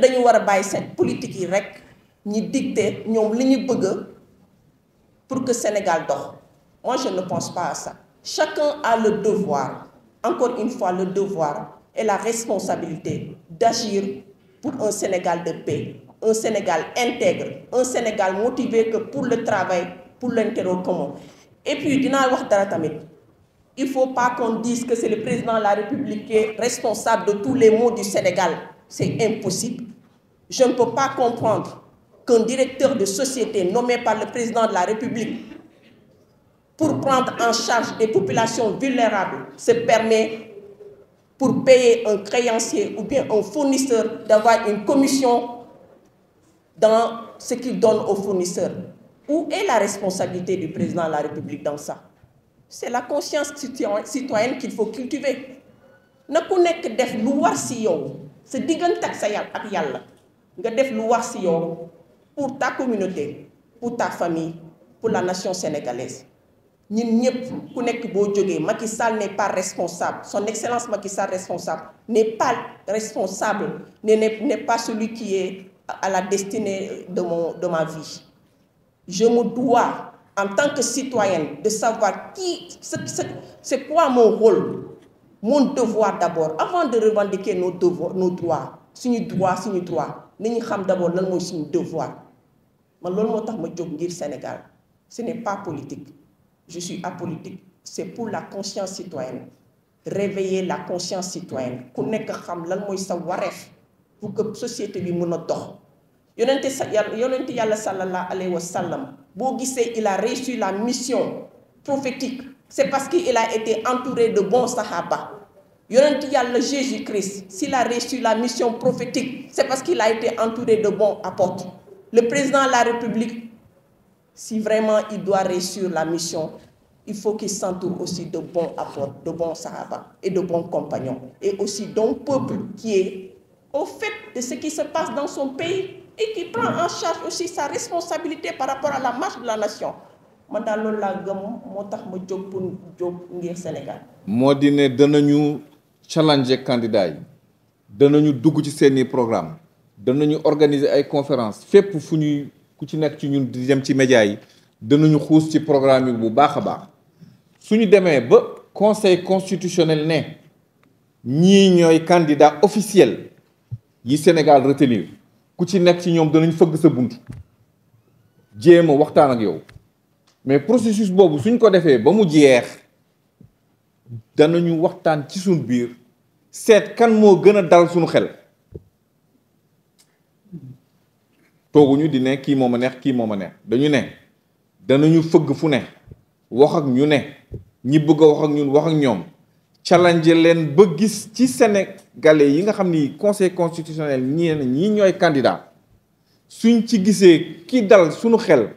dañu war a bàyyi seen politique yi rek ñi dicté ñoom li ñu bëgg pour que Sénégal dox moi je ne pense pas à ça chacun a le devoir encore une fois le devoir et la responsabilité d'agir pour un Sénégal de paix un Sénégal intègre un Sénégal motivé que pour le travail pour l'intérêt commun et puis dinaa wax dara tamit il faut pas qu'on dise que c'est le président de la République qui est responsable de tous les maux du Sénégal c'est impossible Je ne peux pas comprendre qu'un directeur de société nommé par le président de la République pour prendre en charge des populations vulnérables se permet pour payer un créancier ou bien un fournisseur d'avoir une commission dans ce qu'il donne au fournisseur. Où est la responsabilité du président de la République dans ça C'est la conscience citoyenne qu'il faut cultiver. na ku nekk def lu si yow sa diggante ak sa yàlla ak yàlla nga def lu wax si yow pour ta communauté pour ta famille pour la nation sénégalaise ñun ñëpp ku nekk boo jógee Macky Sall n'est pas responsable son excellence Macky Sall responsable n'est pas responsable ne n'est pas celui qui est à la destinée de mon ma vie je me dois en tant que citoyenne de savoir qui c'est quoi mon rôle mon devoir d'abord avant de revendiquer nos devoirs nos droits suñu droit suñu droit nañu xam d'abord lan mooy suñu devoir man loolu moo tax ma jóg ngir Sénégal ce n'est pas politique je suis politique c'est pour la conscience citoyenne réveiller la conscience citoyenne ku nekk xam lan mooy sa wareef pour que société bi mun a dox yonente sa yonente yàlla sallallahu alayhi wa sallam boo gisee il a réussi la mission prophétique c'est parce qu'il a été entouré de bons sahaba yonent yàlla Jésus Christ s'il a reçu la mission prophétique c'est parce qu'il a été entouré de bons apôtres le président de la République si vraiment il doit réussir la mission il faut qu'il s'entoure aussi de bons apôtres de bons sahaba et de bons compagnons et aussi d'un peuple qui est au fait de ce qui se passe dans son pays et qui prend en charge aussi sa responsabilité par rapport à la marche de la nation man daal loolu laa gëm moo tax ma jóg pour jóg Sénégal moo di challenger candidat yi danañu dugg ci seeni programme danañu organiser ay conférence fépp fu ñuy ku ci nekk ci ñun di dem ci média yi danañu xuus ci programme yi bu baax a baax suñu demee ba conseil constitutionnel ne ñii ñooy candidat officiel yi Sénégal retenir ku ci nekk ci ñoom danañ fëgg sa bunt jéem a waxtaan ak yow mais processus boobu suñ ko defee ba mu jeex danañu waxtaan ci suñ biir seet kan moo gën a dal suñu xel tooguñu di ne kii moo ma neex kii moom ma neex dañu ne danañu fëgg fu ne wax ak ñu ne ñi bëgg a wax ak ñun wax ak ñoom challenge leen ba gis ci sénégalais yi nga xam ni conseil constitutionnel ñii ne ñii ñooy candidat suñ ci gisee ki dal suñu xel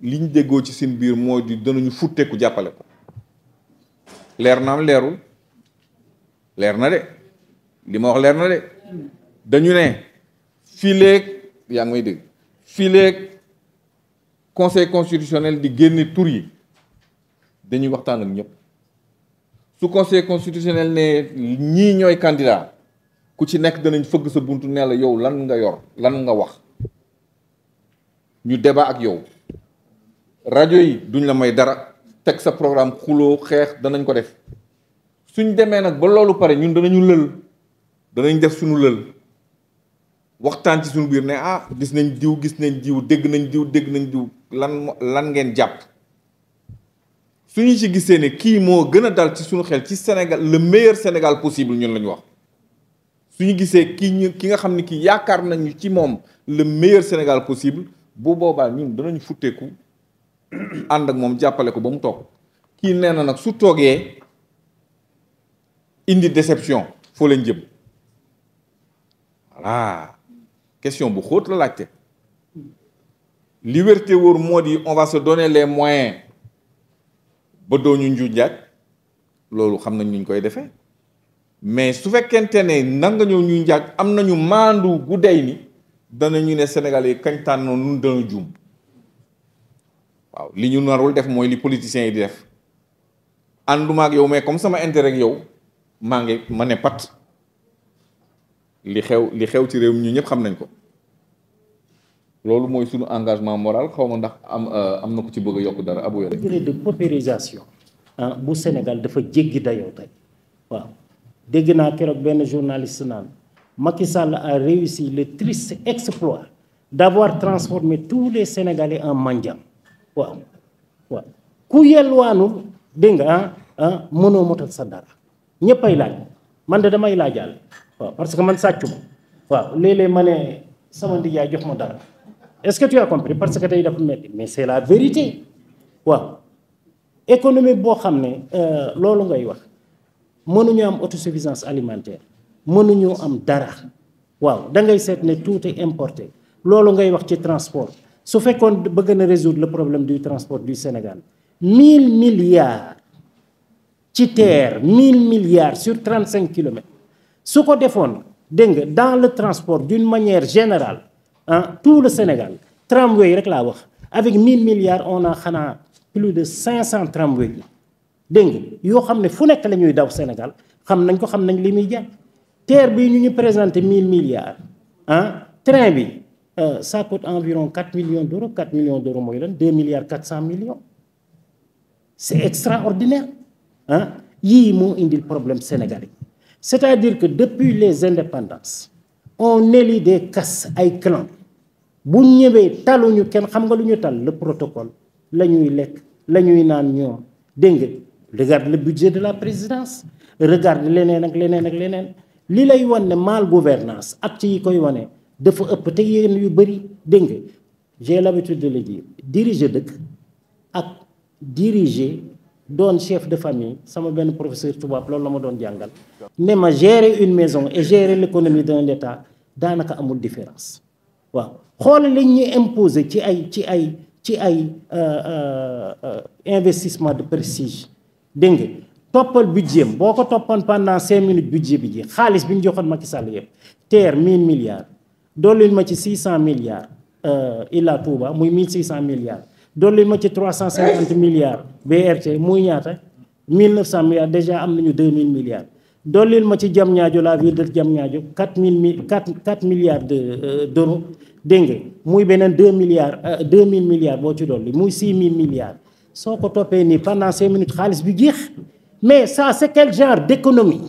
liñ déggoo ci seen biir mooy di danañu futteeku jàppale ko leer naam leerul leer na de li ma wax leer na de dañu ne fileeg yaa ngi may dégg fileeg conseil constitutionnel di génne tur yi dañuy waxtaan ak ñëpp su conseil constitutionnel ne ñii ñooy candidat ku ci nekk danañ fëgg sa buntu nee la yow lan nga yor lan nga wax ñu débat ak yow rajo yi duñ la may dara teg sa programme xuloo xeex danañ ko def suñ demee nag ba loolu pare ñun danañu lël danañ def suñu lël waxtaan ci suñu biir ne ah gis nañ diw gis nañ diw dégg nañ diw dégg nañ diw lan lan ngeen jàpp suñu ci gisee ne kii moo gën a dal ci suñu xel ci Sénégal le meilleur Sénégal possible ñun la wax suñu gisee kii ñu ki nga xam ne kii yaakaar nañu ci moom le meilleur Sénégal possible bu boobaa ñun danañ futteeku ànd ak moom jàppale ko ba mu toog kii nee na nag su toogee indi déception foo leen jëm voilà question bu xóot la laajte li wérte wóor moo di on va se donner les moyens ba dooñu nju njaaj loolu xam nañ ñu koy defee mais su fekkente ne nanga ñoo ñu njaaj am nañu maandu gu dey ni danañu ne Sénégalais yi kañ tànnoon dana juum waaw li ñu narul def mooy li politiciens yi di def ànduma ak yow mais comme sama intérêt yow maa ngi ma ne pat li xew li xew ci réew mi ñu ñëpp xam nañ ko loolu mooy suñu engagement moral xaw ma ndax am euh, am na ko ci bëgg a yokk dara abu yore degré de paupérisation bu Sénégal dafa jéggi dayoo tey waaw dégg naa keroog benn journaliste naan Macky Sall a réussi le triste exploit d'avoir transformé tous les Sénégalais en mendiants waaw waaw ku yelwaanul dégg mënoo motal sa dara ñëppay laaj man de damay laajaal waaw parce que man sàccu waaw léeg-léeg ma ne sama ndijaay jox ma dara est-ce que tu as parce que tey dafa metti mais c'est la vérité waaw économie boo xam ne euh, loolu ngay wax mënuñu am autosuffisance alimentaire mënuñu am dara waaw da ngay seet ne tout est importé loolu ngay wax ci transport su fekkoon bëgg na résoudre le problème du transport du Sénégal mille milliards ci terre mille milliards sur cinq kilomètres su ko defoon dégg nga dans le transport d'une manière générale ah tout le Sénégal tramway rek laa wax avec mille milliards on a xanaa plus de cent tramway yi dégg nga yoo xam ne fu nekk la ñuy daw Sénégal xam nañ ko xam nañ li muy jàpp terre bi ñu ñu présenté mille milliards ah train bi euh, ça coûte environ 4 millions d'euros 4 millions d'euros mooy lan 2 milliards 400 millions c'est extraordinaire ah yii moo indil problème sénégalais c'est-à-dire que depuis les indépendances on élit des castes ay clans bu ñëwee taluñu kenn xam nga lu ñu tal le protocole la ñuy lekk la ñuy naan ñoom dégg nga regarde le budget de la présidence regarde leneen ak leneen ak leneen li lay wan ne mal gouvernance acte yi koy wane dafa ëpp te yenn yu bëri dégg nga j'ai l'habitude de le dire diriger dëkk ak diriger doon chef de famille sama benn professeur tubaab loolu la ma doon jàngal ne ma gérer une maison et gérer l'économie d'un état daanaka amul différence waaw xool li ñu imposer ci ay ci ay ci ay euh, euh, euh, investissement de prestige dégg nga toppal budget boo ko toppoon pendant cinq minutes budget bi jeex xaalis bi ñu joxoon Macky Sall yëpp terre mille doolu dollil ma ci six cent milliards Ila Touba muy mille six cent milliards dolli ma ci 350 milliards BRT muy ñaata 1900 milliards déjà am nañu 2000 milliards dollil ma ci Diamniadio la ville de Diamniadio 4000 mi 4 4 milliards de euh, d'euros dégg nga muy beneen 2 milliards 2000 euh, milliards boo ci dolli muy 6000 milliards soo ko toppee nii pendant 5 minutes xaalis bi jeex mais ça c'est quel genre d'économie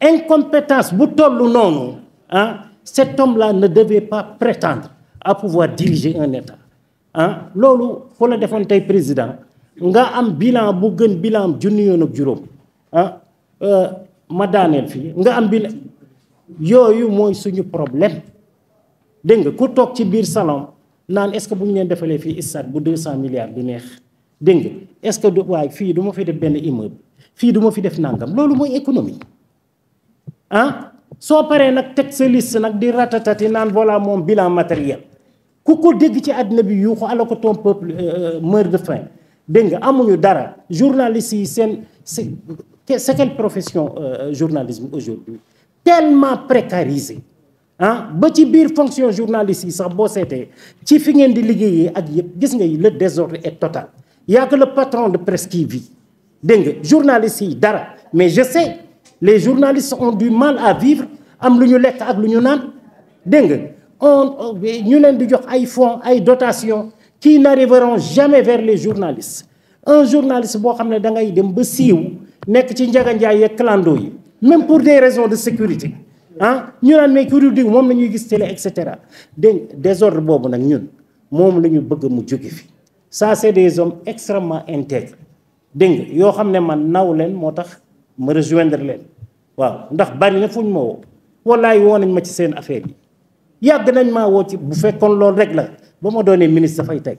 incompétence bu toll noonu ah cet homme-là ne devait pas prétendre à pouvoir diriger un État loolu foo la defoon président nga am bilan bu gën bilan am yoon ak juróom ah ma daaneel fii nga am bilan yooyu mooy suñu problème dégg nga ku toog ci biir salon naan est-ce que bu ñu leen defalee fii stade bu 200 milliards bu neex dégg nga est-ce que du waaye fii du ma fi def benn immeuble fii du ma fi def nangam loolu mooy économie ah soo paree nag teg sa liste nag di ratatati naan voilà moom bilan matériel. ku ko dégg ci àddina bi yuuxu ala ko ton peuple euh, euh, meurt de faim dégg nga amuñu dara journaliste yi seen c'est quelle profession euh, journalisme aujourd'hui tellement précarisé ah ba ci biir fonction journaliste yi sax boo seetee ci fi ngeen di liggéeye ak yëpp gis nga le désordre est total y a que le patron de presse qui vit dégg nga journaliste yi dara mais je sais les journalistes ont du mal à vivre am lu ñu lekk ak lu ñu naan dégg nga on eh, ñu leen di jox ay fonds ay dotations qui n'arriveront jamais vers les journalistes un journaliste boo xam ne da ngay dem ba siiw nekk ci njaganjaay yeeg clando yi même pour des raisons de sécurité ah ñu naan mais kuréel diw moom la ñuy gis télé et cetera dégg désordre boobu nag ñun moom la ñu bëgg mu jóge fi ça c'est des hommes extrêmement intègres dégg yoo xam ne man naw leen moo tax ma rejoindre leen waaw ndax bari na fu ñu ma woo wallaay woo nañ ma ci seen affaire yi yàgg nañ maa woo ci bu fekkoon loolu rek la ba ma doonee ministre dafay teg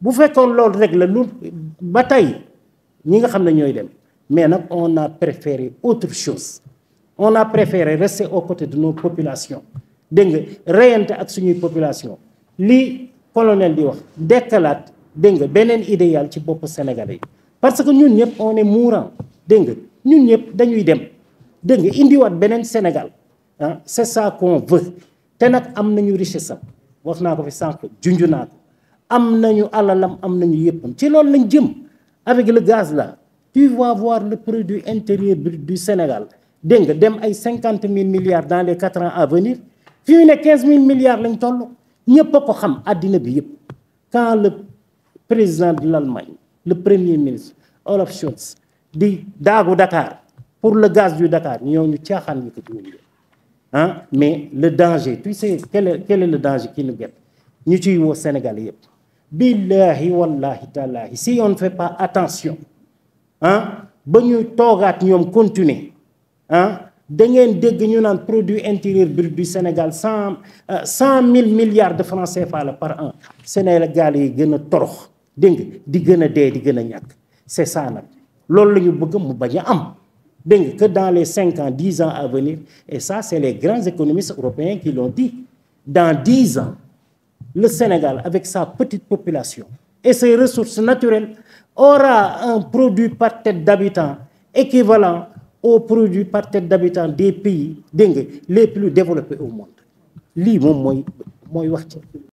bu fekkoon loolu rek la lu ba tey ñi nga xam ne ñooy dem mais nag on a préféré autre chose on a préféré rester au côté de noo populations dégg nga reyante ak suñuy population lii colonel di wax dekkalaat dégg nga beneen idéal ci bopp sénégal yi parce que ñun ñëpp on mourant dégg nga ñun ñëpp dañuy dem dégg nga indiwaat beneen Sénégal ah c'est ça qu'on te nag am nañu richesse am wax naa ko fi sànq junju naa ko am nañu alalam am nañu yëppam ci lool lañ jëm avec le gaz la tu vas voir le produit intérieur brut du Sénégal dégg nga dem ay cinquante mille milliards dans les quatre ans à venir fi ne quinze mille milliards lañ toll ñëpp a ko xam àddina bi yëpp quand le président de l'Allemagne le premier ministre Olaf Scholz di daagu Dakar pour le gaz du Dakar ñoo ñu caaxaan ñu ko jiw ah mais le danger tu sais quel est, le danger qui nous guette ñu ciy woo Sénégal yëpp billahi wallahi taalahi si on ne fait pas attention ah ba ñu toogaat ñoom continuer ah da ngeen dégg ñu naan produit intérieur brut du Sénégal cent euh, cent mille milliards de francs CFA la par an Sénégal yi gën a torox dégg di gën a dee di gën a ñàkk c'est ça nag loolu la ñu bëgg mu bañ a am dégg que dans les cinq ans ans à venir et ça c'est les grands économistes européens qui l'ont dit dans dix ans le Sénégal avec sa petite population et ses ressources naturelles aura un produit par tête d'habitant équivalent au produit par tête d'habitant des pays dégg nga les plus développés au monde lii moom mooy mooy wax ci